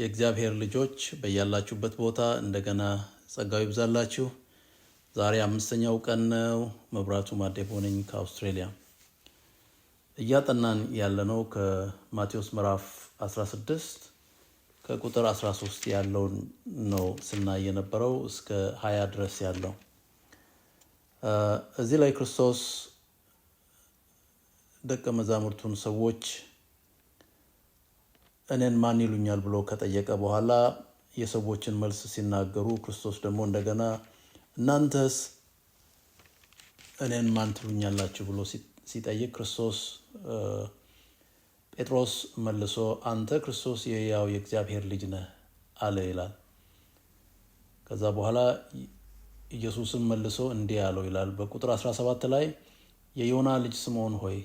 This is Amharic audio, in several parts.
የእግዚአብሔር ልጆች በያላችሁበት ቦታ እንደገና ጸጋው ይብዛላችሁ። ዛሬ አምስተኛው ቀን ነው። መብራቱ ማዴቦ ነኝ ከአውስትሬሊያ። እያጠናን ያለነው ከማቴዎስ ምዕራፍ 16 ከቁጥር 13 ያለውን ነው ስናይ የነበረው እስከ 20 ድረስ ያለው እዚህ ላይ ክርስቶስ ደቀ መዛሙርቱን ሰዎች እኔን ማን ይሉኛል ብሎ ከጠየቀ በኋላ የሰዎችን መልስ ሲናገሩ ክርስቶስ ደግሞ እንደገና እናንተስ እኔን ማን ትሉኛላችሁ ብሎ ሲጠይቅ ክርስቶስ ጴጥሮስ መልሶ አንተ ክርስቶስ የያው የእግዚአብሔር ልጅ ነህ አለ ይላል። ከዛ በኋላ ኢየሱስም መልሶ እንዲህ አለው ይላል በቁጥር 17 ላይ የዮና ልጅ ስምዖን ሆይ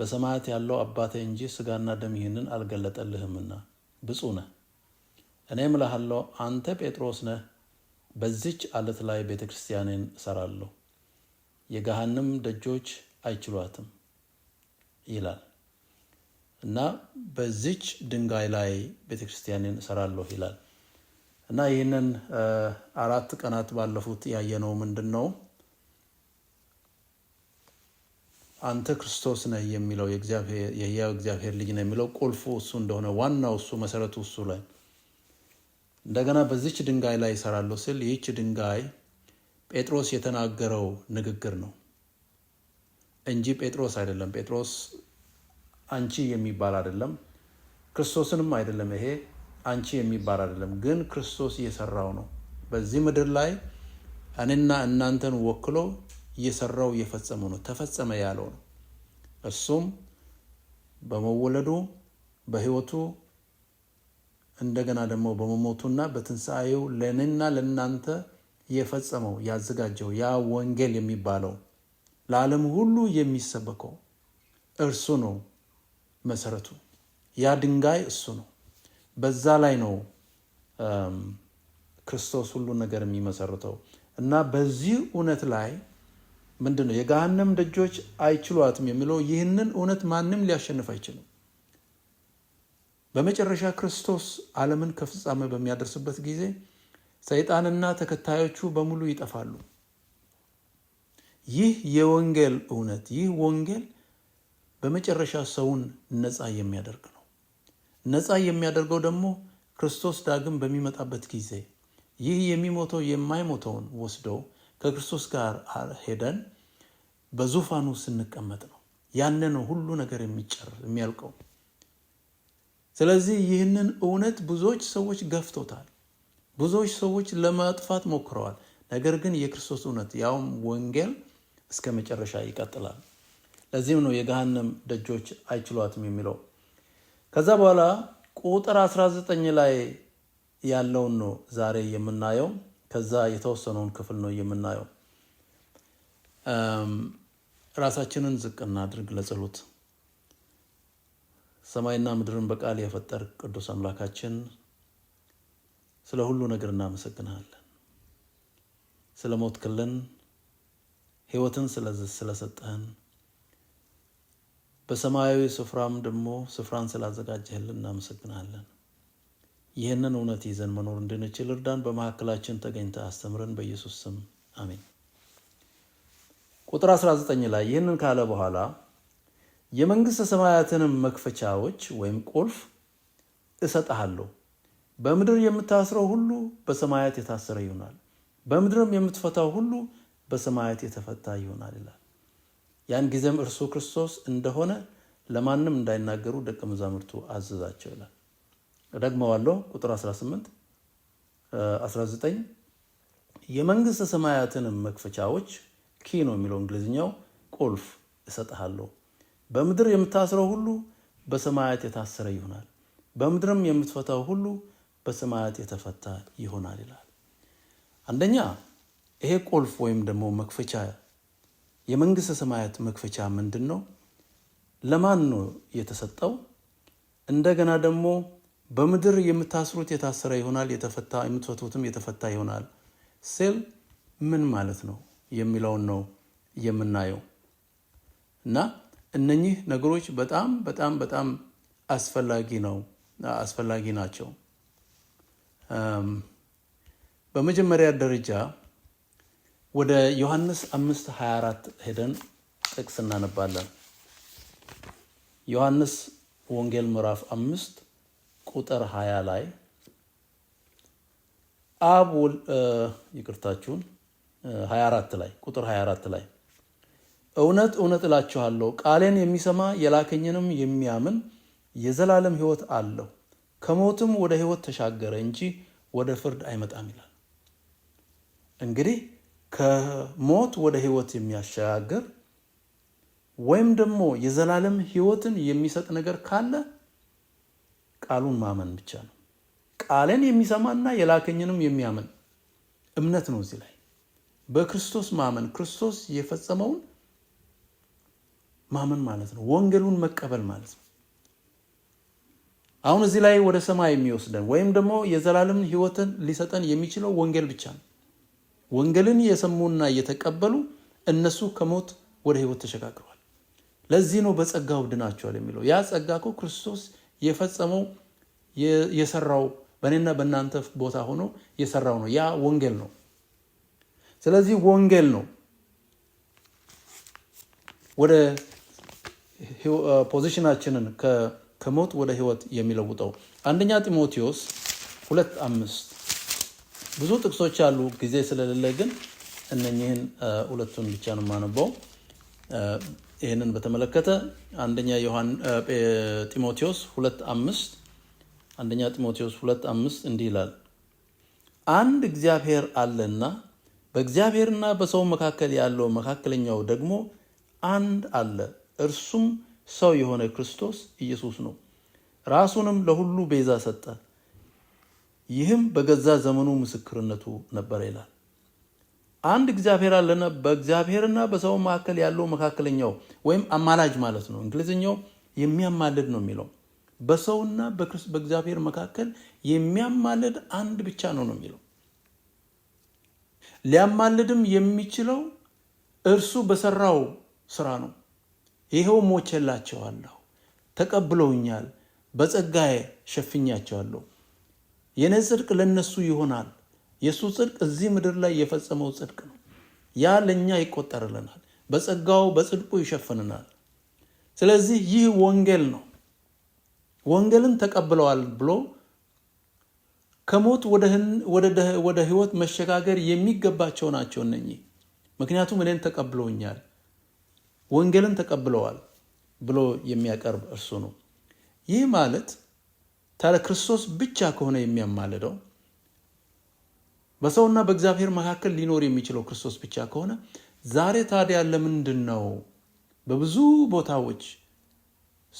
በሰማያት ያለው አባቴ እንጂ ስጋና ደም ይህንን አልገለጠልህምና ብፁ ነህ። እኔ እምልሃለሁ አንተ ጴጥሮስ ነህ፣ በዚች አለት ላይ ቤተ ክርስቲያኔን እሰራለሁ፣ የገሃንም ደጆች አይችሏትም ይላል እና በዚች ድንጋይ ላይ ቤተ ክርስቲያኔን እሰራለሁ ይላል እና ይህንን አራት ቀናት ባለፉት ያየነው ምንድን ነው? አንተ ክርስቶስ ነህ የሚለው የያው እግዚአብሔር ልጅ ነህ የሚለው ቁልፉ እሱ እንደሆነ ዋናው እሱ መሰረቱ እሱ ላይ እንደገና በዚች ድንጋይ ላይ ይሰራለሁ ስል ይህች ድንጋይ ጴጥሮስ የተናገረው ንግግር ነው እንጂ ጴጥሮስ አይደለም። ጴጥሮስ አንቺ የሚባል አይደለም፣ ክርስቶስንም አይደለም። ይሄ አንቺ የሚባል አይደለም፣ ግን ክርስቶስ እየሰራው ነው በዚህ ምድር ላይ እኔና እናንተን ወክሎ እየሰራው እየፈጸመው ነው። ተፈጸመ ያለው ነው። እሱም በመወለዱ በህይወቱ እንደገና ደግሞ በመሞቱና በትንሣኤው ለእኔና ለእናንተ የፈጸመው ያዘጋጀው ያ ወንጌል የሚባለው ለዓለም ሁሉ የሚሰበከው እርሱ ነው። መሰረቱ ያ ድንጋይ እሱ ነው። በዛ ላይ ነው ክርስቶስ ሁሉ ነገር የሚመሰርተው እና በዚህ እውነት ላይ ምንድን ነው የገሃነም ደጆች አይችሏትም የሚለው ይህንን እውነት ማንም ሊያሸንፍ አይችልም። በመጨረሻ ክርስቶስ ዓለምን ከፍጻሜ በሚያደርስበት ጊዜ ሰይጣንና ተከታዮቹ በሙሉ ይጠፋሉ። ይህ የወንጌል እውነት ይህ ወንጌል በመጨረሻ ሰውን ነፃ የሚያደርግ ነው። ነፃ የሚያደርገው ደግሞ ክርስቶስ ዳግም በሚመጣበት ጊዜ ይህ የሚሞተው የማይሞተውን ወስደው ከክርስቶስ ጋር ሄደን በዙፋኑ ስንቀመጥ ነው ያንን ሁሉ ነገር የሚጨር የሚያልቀው። ስለዚህ ይህንን እውነት ብዙዎች ሰዎች ገፍቶታል። ብዙዎች ሰዎች ለማጥፋት ሞክረዋል። ነገር ግን የክርስቶስ እውነት ያውም ወንጌል እስከ መጨረሻ ይቀጥላል። ለዚህም ነው የገሃነም ደጆች አይችሏትም የሚለው። ከዛ በኋላ ቁጥር 19 ላይ ያለውን ነው ዛሬ የምናየው። ከዛ የተወሰነውን ክፍል ነው የምናየው። ራሳችንን ዝቅ እናድርግ ለጸሎት። ሰማይና ምድርን በቃል የፈጠር ቅዱስ አምላካችን ስለ ሁሉ ነገር እናመሰግናለን። ስለ ሞትክልን፣ ሕይወትን ስለሰጠህን፣ በሰማያዊ ስፍራም ደግሞ ስፍራን ስላዘጋጀህልን እናመሰግናለን። ይህንን እውነት ይዘን መኖር እንድንችል እርዳን። በመካከላችን ተገኝተ አስተምረን፣ በኢየሱስ ስም አሜን። ቁጥር 19 ላይ ይህንን ካለ በኋላ የመንግሥተ ሰማያትንም መክፈቻዎች ወይም ቁልፍ እሰጥሃለሁ፣ በምድር የምታስረው ሁሉ በሰማያት የታሰረ ይሆናል፣ በምድርም የምትፈታው ሁሉ በሰማያት የተፈታ ይሆናል ይላል። ያን ጊዜም እርሱ ክርስቶስ እንደሆነ ለማንም እንዳይናገሩ ደቀ መዛሙርቱ አዘዛቸው ይላል። ደግመዋለሁ። ቁጥር 18 19 የመንግስተ ሰማያትንም መክፈቻዎች ኪ ነው የሚለው እንግሊዝኛው ቁልፍ እሰጥሃለሁ። በምድር የምታስረው ሁሉ በሰማያት የታሰረ ይሆናል፣ በምድርም የምትፈታው ሁሉ በሰማያት የተፈታ ይሆናል ይላል። አንደኛ ይሄ ቁልፍ ወይም ደግሞ መክፈቻ የመንግስተ ሰማያት መክፈቻ ምንድን ነው? ለማን ነው የተሰጠው? እንደገና ደግሞ በምድር የምታስሩት የታሰረ ይሆናል፣ የተፈታ የምትፈቱትም የተፈታ ይሆናል ሲል ምን ማለት ነው የሚለውን ነው የምናየው። እና እነኚህ ነገሮች በጣም በጣም በጣም አስፈላጊ ነው አስፈላጊ ናቸው። በመጀመሪያ ደረጃ ወደ ዮሐንስ 5:24 ሄደን ጥቅስ እናነባለን። ዮሐንስ ወንጌል ምዕራፍ 5 ቁጥር 20 ላይ አብ ይቅርታችሁን 24 ላይ ቁጥር 24 ላይ እውነት እውነት እላችኋለሁ ቃሌን የሚሰማ የላከኝንም የሚያምን የዘላለም ህይወት አለው ከሞትም ወደ ህይወት ተሻገረ እንጂ ወደ ፍርድ አይመጣም ይላል። እንግዲህ ከሞት ወደ ህይወት የሚያሸጋግር ወይም ደግሞ የዘላለም ህይወትን የሚሰጥ ነገር ካለ ቃሉን ማመን ብቻ ነው። ቃልን የሚሰማና የላከኝንም የሚያምን እምነት ነው። እዚህ ላይ በክርስቶስ ማመን ክርስቶስ የፈጸመውን ማመን ማለት ነው። ወንጌሉን መቀበል ማለት ነው። አሁን እዚህ ላይ ወደ ሰማይ የሚወስደን ወይም ደግሞ የዘላለም ሕይወትን ሊሰጠን የሚችለው ወንጌል ብቻ ነው። ወንጌልን የሰሙና እየተቀበሉ እነሱ ከሞት ወደ ሕይወት ተሸጋግረዋል። ለዚህ ነው በጸጋው ድናቸዋል የሚለው ያ ጸጋ እኮ ክርስቶስ የፈጸመው የሰራው በእኔና በእናንተ ቦታ ሆኖ የሰራው ነው። ያ ወንጌል ነው። ስለዚህ ወንጌል ነው ወደ ፖዚሽናችንን ከሞት ወደ ህይወት የሚለውጠው። አንደኛ ጢሞቴዎስ ሁለት አምስት ብዙ ጥቅሶች አሉ። ጊዜ ስለሌለ ግን እነኚህን ሁለቱን ብቻ ነው የማነበው። ይህንን በተመለከተ አንደኛ ጢሞቴዎስ ሁለት አምስት አንደኛ ጢሞቴዎስ ሁለት አምስት እንዲህ ይላል፣ አንድ እግዚአብሔር አለና በእግዚአብሔርና በሰው መካከል ያለው መካከለኛው ደግሞ አንድ አለ፣ እርሱም ሰው የሆነ ክርስቶስ ኢየሱስ ነው። ራሱንም ለሁሉ ቤዛ ሰጠ፣ ይህም በገዛ ዘመኑ ምስክርነቱ ነበር ይላል። አንድ እግዚአብሔር አለና በእግዚአብሔርና በሰው መካከል ያለው መካከለኛው ወይም አማላጅ ማለት ነው። እንግሊዝኛው የሚያማልድ ነው የሚለው በሰውና በእግዚአብሔር መካከል የሚያማልድ አንድ ብቻ ነው ነው የሚለው ሊያማልድም የሚችለው እርሱ በሰራው ስራ ነው። ይኸው ሞቼላቸዋለሁ፣ ተቀብለውኛል፣ በጸጋዬ ሸፍኛቸዋለሁ። የነጽድቅ ለነሱ ይሆናል የእሱ ጽድቅ እዚህ ምድር ላይ የፈጸመው ጽድቅ ነው። ያ ለእኛ ይቆጠርልናል፣ በጸጋው በጽድቁ ይሸፍንናል። ስለዚህ ይህ ወንጌል ነው። ወንጌልን ተቀብለዋል ብሎ ከሞት ወደ ህይወት መሸጋገር የሚገባቸው ናቸው እነኚህ። ምክንያቱም እኔን ተቀብለውኛል፣ ወንጌልን ተቀብለዋል ብሎ የሚያቀርብ እርሱ ነው። ይህ ማለት ታዲያ ክርስቶስ ብቻ ከሆነ የሚያማልደው በሰውና በእግዚአብሔር መካከል ሊኖር የሚችለው ክርስቶስ ብቻ ከሆነ ዛሬ ታዲያ ለምንድን ነው በብዙ ቦታዎች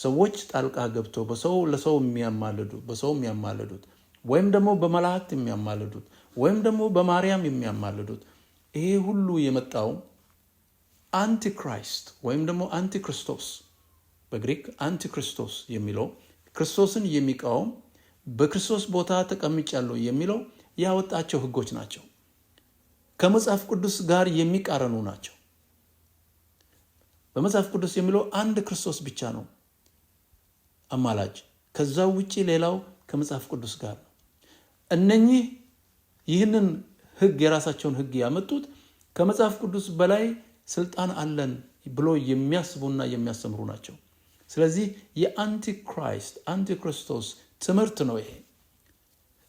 ሰዎች ጣልቃ ገብቶ በሰው ለሰው የሚያማልዱ በሰው የሚያማልዱት ወይም ደግሞ በመላእክት የሚያማልዱት ወይም ደግሞ በማርያም የሚያማልዱት ይሄ ሁሉ የመጣው አንቲክራይስት ወይም ደግሞ አንቲክርስቶስ በግሪክ አንቲክርስቶስ የሚለው ክርስቶስን የሚቃወም በክርስቶስ ቦታ ተቀምጫለሁ የሚለው ያወጣቸው ህጎች ናቸው። ከመጽሐፍ ቅዱስ ጋር የሚቃረኑ ናቸው። በመጽሐፍ ቅዱስ የሚለው አንድ ክርስቶስ ብቻ ነው አማላጅ። ከዛው ውጭ ሌላው ከመጽሐፍ ቅዱስ ጋር ነው። እነኚህ ይህንን ህግ የራሳቸውን ህግ ያመጡት ከመጽሐፍ ቅዱስ በላይ ስልጣን አለን ብሎ የሚያስቡና የሚያስተምሩ ናቸው። ስለዚህ የአንቲክራይስት አንቲክርስቶስ ትምህርት ነው ይሄ።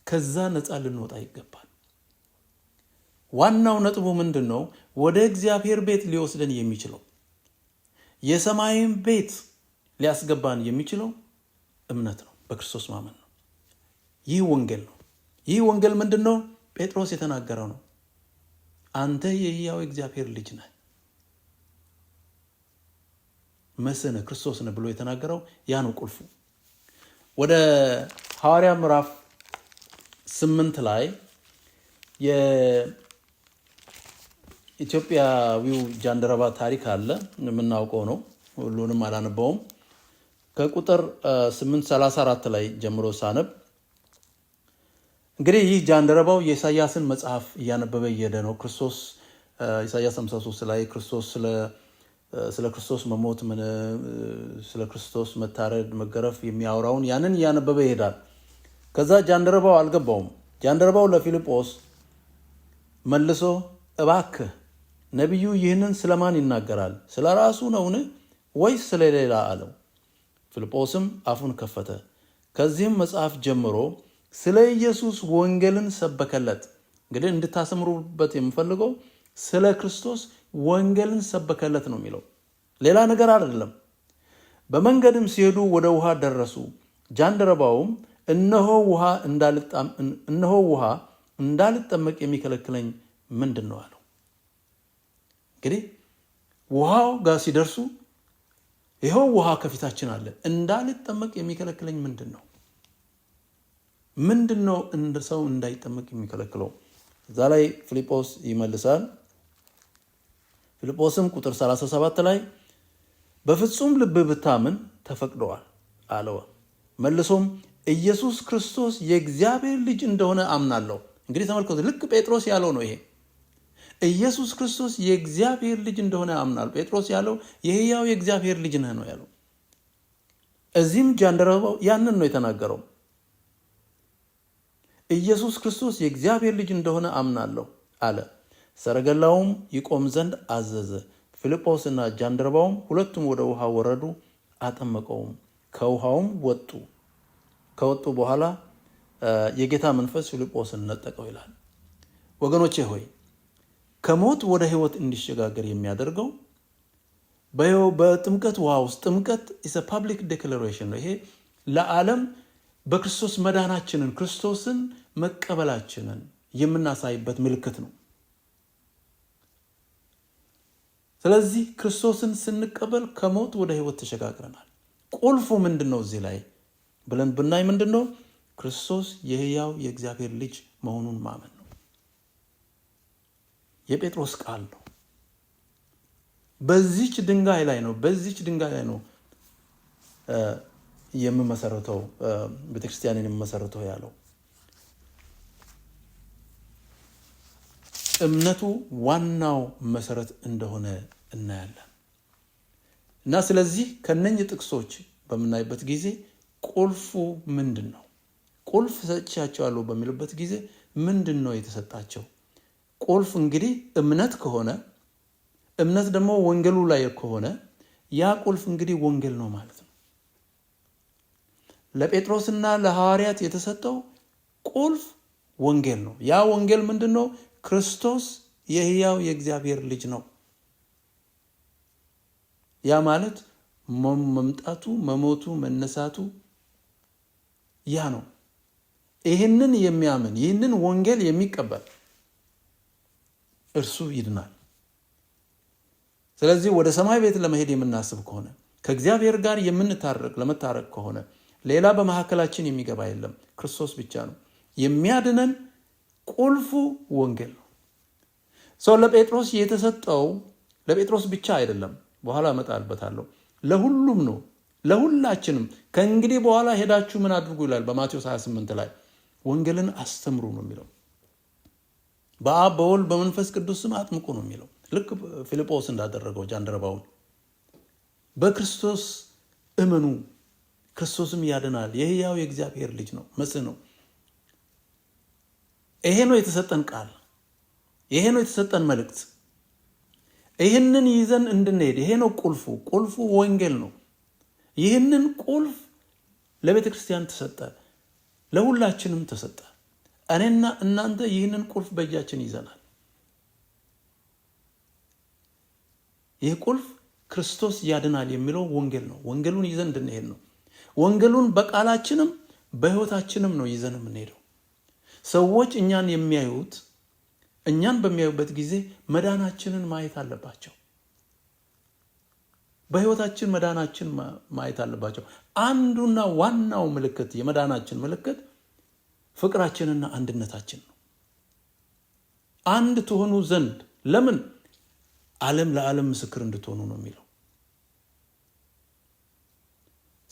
ከዛ ነፃ ልንወጣ ይገባል። ዋናው ነጥቡ ምንድን ነው? ወደ እግዚአብሔር ቤት ሊወስደን የሚችለው የሰማይን ቤት ሊያስገባን የሚችለው እምነት ነው፣ በክርስቶስ ማመን ነው። ይህ ወንጌል ነው። ይህ ወንጌል ምንድን ነው? ጴጥሮስ የተናገረው ነው። አንተ የሕያው እግዚአብሔር ልጅ ነህ፣ መስነ ክርስቶስ ነህ ብሎ የተናገረው ያ ነው ቁልፉ። ወደ ሐዋርያ ምዕራፍ ስምንት ላይ የኢትዮጵያዊው ጃንደረባ ታሪክ አለ የምናውቀው ነው። ሁሉንም አላነበውም። ከቁጥር 834 ላይ ጀምሮ ሳነብ እንግዲህ ይህ ጃንደረባው የኢሳያስን መጽሐፍ እያነበበ እየሄደ ነው። ክርስቶስ ኢሳያስ 53 ላይ ክርስቶስ ስለ ክርስቶስ መሞት፣ ስለ ክርስቶስ መታረድ፣ መገረፍ የሚያወራውን ያንን እያነበበ ይሄዳል። ከዛ ጃንደረባው አልገባውም። ጃንደረባው ለፊልጶስ መልሶ እባክህ ነቢዩ ይህንን ስለማን ይናገራል? ስለ ራሱ ነውን ወይስ ስለሌላ አለው። ፊልጶስም አፉን ከፈተ። ከዚህም መጽሐፍ ጀምሮ ስለ ኢየሱስ ወንጌልን ሰበከለት። እንግዲህ እንድታሰምሩበት የምፈልገው ስለ ክርስቶስ ወንጌልን ሰበከለት ነው የሚለው ሌላ ነገር አይደለም። በመንገድም ሲሄዱ ወደ ውሃ ደረሱ። ጃንደረባውም እነሆ ውሃ እንዳልጠመቅ የሚከለክለኝ ምንድን ነው አለው። እንግዲህ ውሃው ጋር ሲደርሱ ይኸው ውሃ ከፊታችን አለ፣ እንዳልጠመቅ የሚከለክለኝ ምንድን ነው? ምንድን ነው እንደ ሰው እንዳይጠመቅ የሚከለክለው? እዛ ላይ ፊልጶስ ይመልሳል። ፊልጶስም ቁጥር 37 ላይ በፍጹም ልብ ብታምን ተፈቅደዋል አለው። መልሶም ኢየሱስ ክርስቶስ የእግዚአብሔር ልጅ እንደሆነ አምናለሁ። እንግዲህ ተመልከቱ፣ ልክ ጴጥሮስ ያለው ነው ይሄ። ኢየሱስ ክርስቶስ የእግዚአብሔር ልጅ እንደሆነ አምናለሁ። ጴጥሮስ ያለው የህያው የእግዚአብሔር ልጅ ነህ ነው ያለው። እዚህም ጃንደረባው ያንን ነው የተናገረው። ኢየሱስ ክርስቶስ የእግዚአብሔር ልጅ እንደሆነ አምናለሁ አለ። ሰረገላውም ይቆም ዘንድ አዘዘ። ፊልጶስና ጃንደረባውም ሁለቱም ወደ ውሃ ወረዱ፣ አጠመቀውም። ከውሃውም ወጡ። ከወጡ በኋላ የጌታ መንፈስ ፊልጶስን ነጠቀው ይላል። ወገኖቼ ሆይ ከሞት ወደ ህይወት እንዲሸጋገር የሚያደርገው በጥምቀት ውሃ ውስጥ ጥምቀት ኢዝ አ ፐብሊክ ዴክለሬሽን ነው። ይሄ ለዓለም በክርስቶስ መዳናችንን ክርስቶስን መቀበላችንን የምናሳይበት ምልክት ነው። ስለዚህ ክርስቶስን ስንቀበል ከሞት ወደ ህይወት ተሸጋግረናል። ቁልፉ ምንድን ነው? እዚህ ላይ ብለን ብናይ ምንድን ነው ክርስቶስ የህያው የእግዚአብሔር ልጅ መሆኑን ማመን ነው። የጴጥሮስ ቃል ነው። በዚች ድንጋይ ላይ ነው በዚች ድንጋይ ላይ ነው የምመሰረተው ቤተክርስቲያንን የምመሰረተው ያለው እምነቱ ዋናው መሰረት እንደሆነ እናያለን እና ስለዚህ ከነኝ ጥቅሶች በምናይበት ጊዜ ቁልፉ ምንድን ነው? ቁልፍ ሰጥቻቸዋለሁ በሚልበት ጊዜ ምንድን ነው የተሰጣቸው ቁልፍ? እንግዲህ እምነት ከሆነ እምነት ደግሞ ወንጌሉ ላይ ከሆነ ያ ቁልፍ እንግዲህ ወንጌል ነው ማለት ነው። ለጴጥሮስና ለሐዋርያት የተሰጠው ቁልፍ ወንጌል ነው። ያ ወንጌል ምንድን ነው? ክርስቶስ የህያው የእግዚአብሔር ልጅ ነው። ያ ማለት መምጣቱ፣ መሞቱ፣ መነሳቱ ያ ነው። ይህንን የሚያምን ይህንን ወንጌል የሚቀበል እርሱ ይድናል። ስለዚህ ወደ ሰማይ ቤት ለመሄድ የምናስብ ከሆነ ከእግዚአብሔር ጋር የምንታረቅ ለመታረቅ ከሆነ ሌላ በመካከላችን የሚገባ የለም፣ ክርስቶስ ብቻ ነው። የሚያድነን ቁልፉ ወንጌል ነው። ሰው ለጴጥሮስ የተሰጠው ለጴጥሮስ ብቻ አይደለም፣ በኋላ እመጣበታለሁ። ለሁሉም ነው ለሁላችንም ከእንግዲህ በኋላ ሄዳችሁ ምን አድርጉ ይላል በማቴዎስ 28 ላይ ወንጌልን አስተምሩ ነው የሚለው። በአብ በወል በመንፈስ ቅዱስ ስም አጥምቁ ነው የሚለው። ልክ ፊልጶስ እንዳደረገው ጃንደረባውን በክርስቶስ እመኑ፣ ክርስቶስም ያድናል፣ የህያው የእግዚአብሔር ልጅ ነው መሲህ ነው። ይሄ ነው የተሰጠን ቃል፣ ይሄ ነው የተሰጠን መልእክት። ይህንን ይዘን እንድንሄድ ይሄ ነው ቁልፉ። ቁልፉ ወንጌል ነው። ይህንን ቁልፍ ለቤተ ክርስቲያን ተሰጠ፣ ለሁላችንም ተሰጠ። እኔና እናንተ ይህንን ቁልፍ በእጃችን ይዘናል። ይህ ቁልፍ ክርስቶስ ያድናል የሚለው ወንጌል ነው። ወንጌሉን ይዘን እንድንሄድ ነው። ወንጌሉን በቃላችንም በሕይወታችንም ነው ይዘን የምንሄደው። ሰዎች እኛን የሚያዩት እኛን በሚያዩበት ጊዜ መዳናችንን ማየት አለባቸው። በህይወታችን መዳናችን ማየት አለባቸው። አንዱና ዋናው ምልክት የመዳናችን ምልክት ፍቅራችንና አንድነታችን ነው። አንድ ትሆኑ ዘንድ ለምን ዓለም ለዓለም ምስክር እንድትሆኑ ነው የሚለው።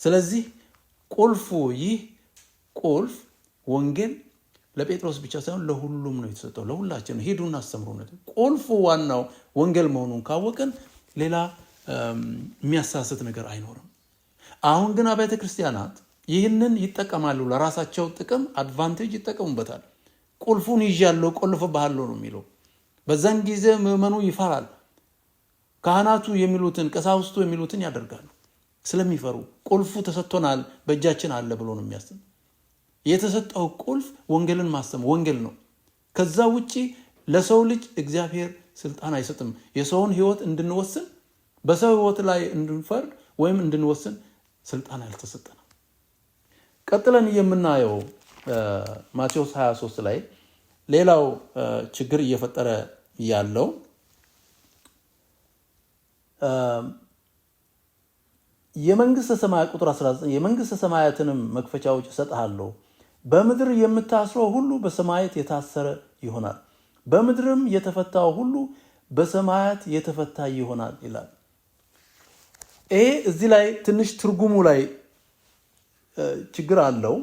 ስለዚህ ቁልፉ ይህ ቁልፍ ወንጌል ለጴጥሮስ ብቻ ሳይሆን ለሁሉም ነው የተሰጠው፣ ለሁላችን ሂዱና አስተምሩ። ቁልፉ ዋናው ወንጌል መሆኑን ካወቅን ሌላ የሚያሳስት ነገር አይኖርም። አሁን ግን አብያተ ክርስቲያናት ይህንን ይጠቀማሉ፣ ለራሳቸው ጥቅም አድቫንቴጅ ይጠቀሙበታል። ቁልፉን ይዣለሁ ቆልፍብሃለሁ ነው የሚለው። በዛን ጊዜ ምዕመኑ ይፈራል። ካህናቱ የሚሉትን ቀሳውስቱ የሚሉትን ያደርጋሉ። ስለሚፈሩ ቁልፉ ተሰጥቶናል፣ በእጃችን አለ ብሎ ነው የሚያስብ። የተሰጠው ቁልፍ ወንጌልን ማሰም ወንጌል ነው። ከዛ ውጭ ለሰው ልጅ እግዚአብሔር ስልጣን አይሰጥም። የሰውን ህይወት እንድንወስን በሰው ህይወት ላይ እንድንፈርድ ወይም እንድንወስን ስልጣን አልተሰጠንም። ቀጥለን የምናየው ማቴዎስ 23 ላይ ሌላው ችግር እየፈጠረ ያለው የመንግስተ ሰማያት ቁጥር 19 የመንግስተ ሰማያትንም መክፈቻዎች እሰጥሃለሁ፣ በምድር የምታስረው ሁሉ በሰማያት የታሰረ ይሆናል፣ በምድርም የተፈታው ሁሉ በሰማያት የተፈታ ይሆናል ይላል። ይሄ እዚህ ላይ ትንሽ ትርጉሙ ላይ ችግር አለው።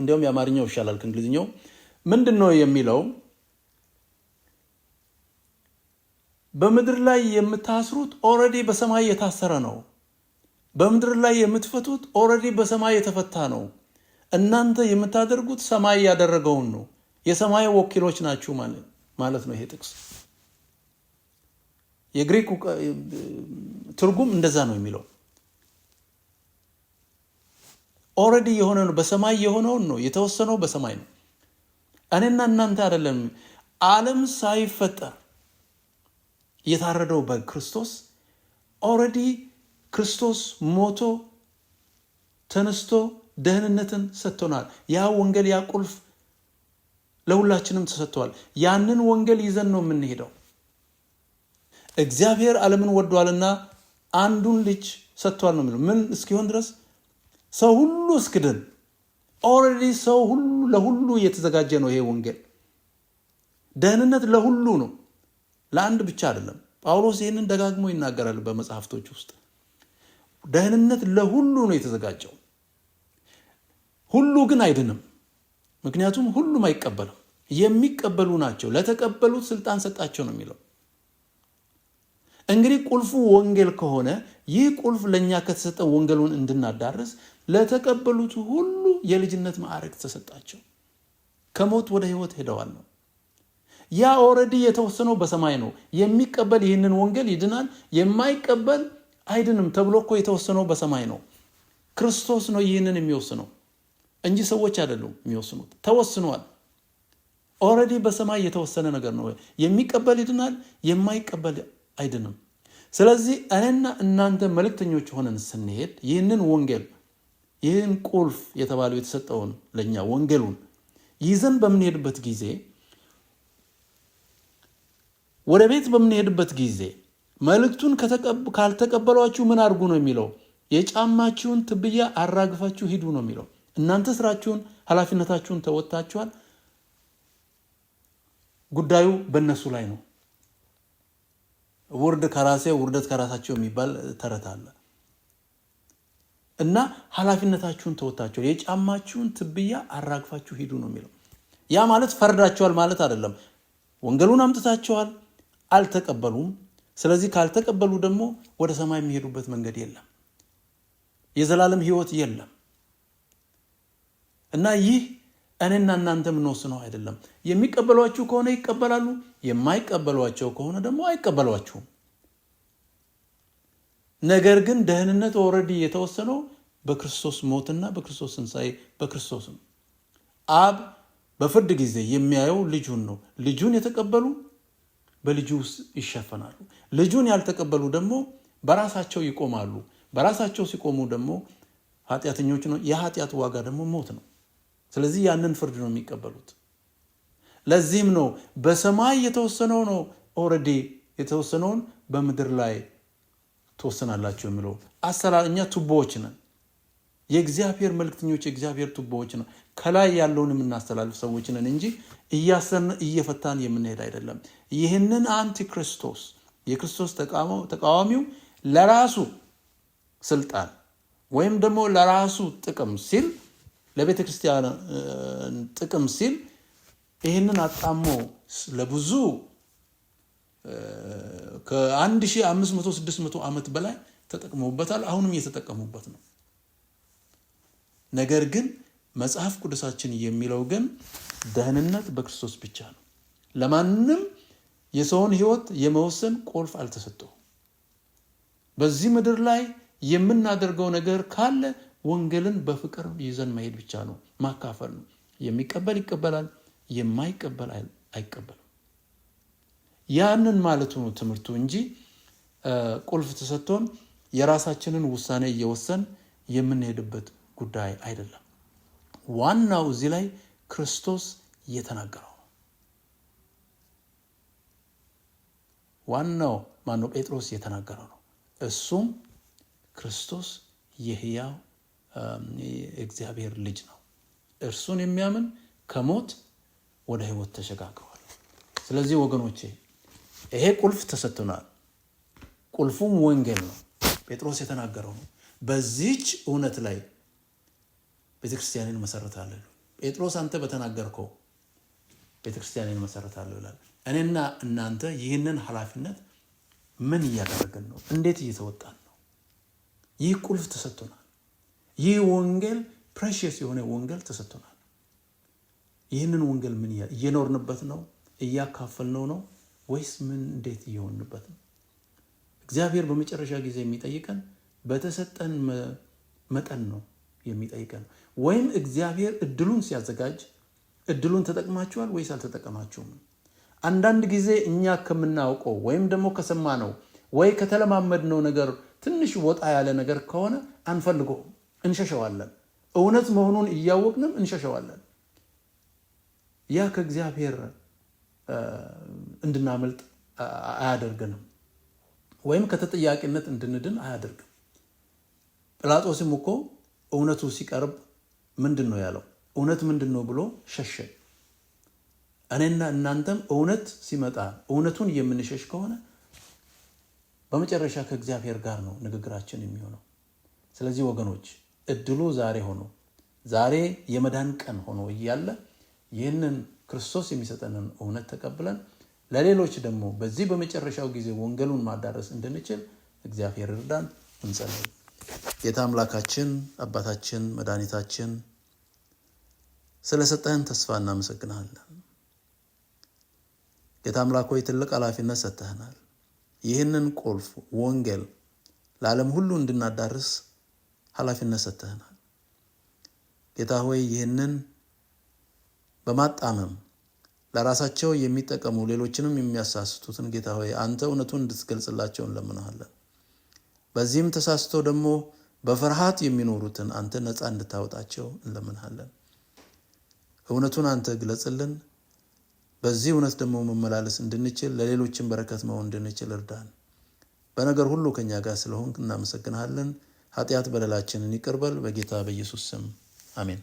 እንዲሁም የአማርኛው ይሻላል ከእንግሊዝኛው። ምንድን ነው የሚለው በምድር ላይ የምታስሩት ኦልሬዲ በሰማይ የታሰረ ነው። በምድር ላይ የምትፈቱት ኦልሬዲ በሰማይ የተፈታ ነው። እናንተ የምታደርጉት ሰማይ ያደረገውን ነው። የሰማይ ወኪሎች ናችሁ ማለት ነው። ይሄ ጥቅስ የግሪክ ትርጉም እንደዛ ነው የሚለው ኦልሬዲ የሆነ ነው። በሰማይ የሆነውን ነው የተወሰነው በሰማይ ነው። እኔና እናንተ አይደለም። አለም ሳይፈጠር የታረደው በክርስቶስ ኦልሬዲ ክርስቶስ ሞቶ ተነስቶ ደህንነትን ሰጥቶናል። ያ ወንገል ያ ቁልፍ ለሁላችንም ተሰጥተዋል ያንን ወንገል ይዘን ነው የምንሄደው። እግዚአብሔር አለምን ወዷልና አንዱን ልጅ ሰጥቷል ነው ምን እስኪሆን ድረስ ሰው ሁሉ እስክድን ኦልሬዲ ሰው ሁሉ ለሁሉ እየተዘጋጀ ነው። ይሄ ወንጌል ደህንነት ለሁሉ ነው፣ ለአንድ ብቻ አይደለም። ጳውሎስ ይህንን ደጋግሞ ይናገራል በመጽሐፍቶች ውስጥ። ደህንነት ለሁሉ ነው የተዘጋጀው። ሁሉ ግን አይድንም፣ ምክንያቱም ሁሉም አይቀበልም። የሚቀበሉ ናቸው፣ ለተቀበሉት ስልጣን ሰጣቸው ነው የሚለው። እንግዲህ ቁልፉ ወንጌል ከሆነ ይህ ቁልፍ ለእኛ ከተሰጠ ወንጌሉን እንድናዳርስ ለተቀበሉት ሁሉ የልጅነት ማዕረግ ተሰጣቸው። ከሞት ወደ ህይወት ሄደዋል ነው። ያ ኦልሬዲ የተወሰነው በሰማይ ነው። የሚቀበል ይህንን ወንጌል ይድናል፣ የማይቀበል አይድንም ተብሎ እኮ የተወሰነው በሰማይ ነው። ክርስቶስ ነው ይህንን የሚወስነው እንጂ ሰዎች አይደሉም የሚወስኑት። ተወስኗል። ኦልሬዲ በሰማይ የተወሰነ ነገር ነው። የሚቀበል ይድናል፣ የማይቀበል አይድንም። ስለዚህ እኔና እናንተ መልእክተኞች ሆነን ስንሄድ ይህንን ወንጌል ይህን ቁልፍ የተባለው የተሰጠውን ለእኛ ወንጌሉን ይዘን በምንሄድበት ጊዜ ወደ ቤት በምንሄድበት ጊዜ መልእክቱን ካልተቀበሏችሁ ምን አድርጉ ነው የሚለው? የጫማችሁን ትብያ አራግፋችሁ ሂዱ ነው የሚለው። እናንተ ስራችሁን፣ ኃላፊነታችሁን ተወጥታችኋል። ጉዳዩ በእነሱ ላይ ነው። ውርድ ከራሴ ውርደት ከራሳቸው የሚባል ተረት አለ። እና ኃላፊነታችሁን ተወታቸው የጫማችሁን ትብያ አራግፋችሁ ሂዱ ነው የሚለው። ያ ማለት ፈርዳችኋል ማለት አይደለም። ወንጌሉን አምጥታችኋል፣ አልተቀበሉም። ስለዚህ ካልተቀበሉ ደግሞ ወደ ሰማይ የሚሄዱበት መንገድ የለም፣ የዘላለም ሕይወት የለም። እና ይህ እኔና እናንተ የምንወስነው አይደለም። የሚቀበሏችሁ ከሆነ ይቀበላሉ፣ የማይቀበሏቸው ከሆነ ደግሞ አይቀበሏችሁም። ነገር ግን ደህንነት ኦልሬዲ የተወሰነው በክርስቶስ ሞትና በክርስቶስ ትንሣኤ በክርስቶስ ነው። አብ በፍርድ ጊዜ የሚያየው ልጁን ነው። ልጁን የተቀበሉ በልጁ ውስጥ ይሸፈናሉ። ልጁን ያልተቀበሉ ደግሞ በራሳቸው ይቆማሉ። በራሳቸው ሲቆሙ ደግሞ ኃጢአተኞች ነው። የኃጢአት ዋጋ ደግሞ ሞት ነው። ስለዚህ ያንን ፍርድ ነው የሚቀበሉት። ለዚህም ነው በሰማይ የተወሰነው ነው ኦልሬዲ የተወሰነውን በምድር ላይ ትወስናላችሁ የሚለው አሰራር እኛ ቱቦዎች ነን። የእግዚአብሔር መልክተኞች የእግዚአብሔር ቱቦዎች ነን። ከላይ ያለውን የምናስተላልፍ ሰዎች ነን እንጂ እያሰርን እየፈታን የምንሄድ አይደለም። ይህንን አንቲ ክርስቶስ የክርስቶስ ተቃዋሚው ለራሱ ስልጣን ወይም ደግሞ ለራሱ ጥቅም ሲል ለቤተ ክርስቲያን ጥቅም ሲል ይህንን አጣሞ ለብዙ ከ1500 600 ዓመት በላይ ተጠቅመውበታል። አሁንም እየተጠቀሙበት ነው። ነገር ግን መጽሐፍ ቅዱሳችን የሚለው ግን ደህንነት በክርስቶስ ብቻ ነው። ለማንም የሰውን ሕይወት የመወሰን ቁልፍ አልተሰጠውም። በዚህ ምድር ላይ የምናደርገው ነገር ካለ ወንጌልን በፍቅር ይዘን መሄድ ብቻ ነው፣ ማካፈል ነው። የሚቀበል ይቀበላል፣ የማይቀበል አይቀበልም። ያንን ማለቱ ነው ትምህርቱ እንጂ ቁልፍ ተሰጥቶን የራሳችንን ውሳኔ እየወሰን የምንሄድበት ጉዳይ አይደለም። ዋናው እዚህ ላይ ክርስቶስ እየተናገረው ነው። ዋናው ማነው? ጴጥሮስ እየተናገረው ነው። እሱም ክርስቶስ የህያው እግዚአብሔር ልጅ ነው። እርሱን የሚያምን ከሞት ወደ ህይወት ተሸጋግሯል። ስለዚህ ወገኖቼ ይሄ ቁልፍ ተሰጥቶናል። ቁልፉም ወንጌል ነው፣ ጴጥሮስ የተናገረው ነው። በዚች እውነት ላይ ቤተክርስቲያንን መሰረታለሁ። ጴጥሮስ አንተ በተናገርከው ቤተክርስቲያንን መሰረታለሁ ይላል። እኔና እናንተ ይህንን ኃላፊነት ምን እያደረግን ነው? እንዴት እየተወጣን ነው? ይህ ቁልፍ ተሰጥቶናል። ይህ ወንጌል ፕሬሽየስ የሆነ ወንጌል ተሰጥቶናል። ይህንን ወንጌል ምን እየኖርንበት ነው? እያካፈልነው ነው? ወይስ ምን እንዴት እየሆንበት ነው? እግዚአብሔር በመጨረሻ ጊዜ የሚጠይቀን በተሰጠን መጠን ነው የሚጠይቀን። ወይም እግዚአብሔር እድሉን ሲያዘጋጅ እድሉን ተጠቅማችኋል ወይስ አልተጠቀማችሁም? አንዳንድ ጊዜ እኛ ከምናውቀው ወይም ደግሞ ከሰማነው ወይ ከተለማመድነው ነገር ትንሽ ወጣ ያለ ነገር ከሆነ አንፈልገውም፣ እንሸሸዋለን። እውነት መሆኑን እያወቅንም እንሸሸዋለን። ያ ከእግዚአብሔር እንድናመልጥ አያደርግንም፣ ወይም ከተጠያቂነት እንድንድን አያደርግም። ጲላጦስም እኮ እውነቱ ሲቀርብ ምንድን ነው ያለው? እውነት ምንድን ነው ብሎ ሸሸ። እኔና እናንተም እውነት ሲመጣ እውነቱን የምንሸሽ ከሆነ በመጨረሻ ከእግዚአብሔር ጋር ነው ንግግራችን የሚሆነው። ስለዚህ ወገኖች እድሉ ዛሬ ሆኖ ዛሬ የመዳን ቀን ሆኖ እያለ ይህንን ክርስቶስ የሚሰጠንን እውነት ተቀብለን ለሌሎች ደግሞ በዚህ በመጨረሻው ጊዜ ወንገሉን ማዳረስ እንድንችል እግዚአብሔር እርዳን። እንጸልይ። ጌታ አምላካችን አባታችን መድኃኒታችን ስለሰጠህን ተስፋ እናመሰግናለን። ጌታ አምላክ ወይ ትልቅ ኃላፊነት ሰጥተህናል። ይህንን ቁልፍ ወንጌል ለዓለም ሁሉ እንድናዳርስ ኃላፊነት ሰጥተህናል። ጌታ ሆይ ይህንን በማጣመም ለራሳቸው የሚጠቀሙ ሌሎችንም የሚያሳስቱትን ጌታ ሆይ አንተ እውነቱን እንድትገልጽላቸው እንለምናሃለን። በዚህም ተሳስቶ ደግሞ በፍርሃት የሚኖሩትን አንተ ነፃ እንድታወጣቸው እንለምንሃለን። እውነቱን አንተ ግለጽልን። በዚህ እውነት ደግሞ መመላለስ እንድንችል ለሌሎችን በረከት መሆን እንድንችል እርዳን። በነገር ሁሉ ከኛ ጋር ስለሆን እናመሰግንሃለን። ኃጢአት በደላችንን ይቅርበል። በጌታ በኢየሱስ ስም አሜን።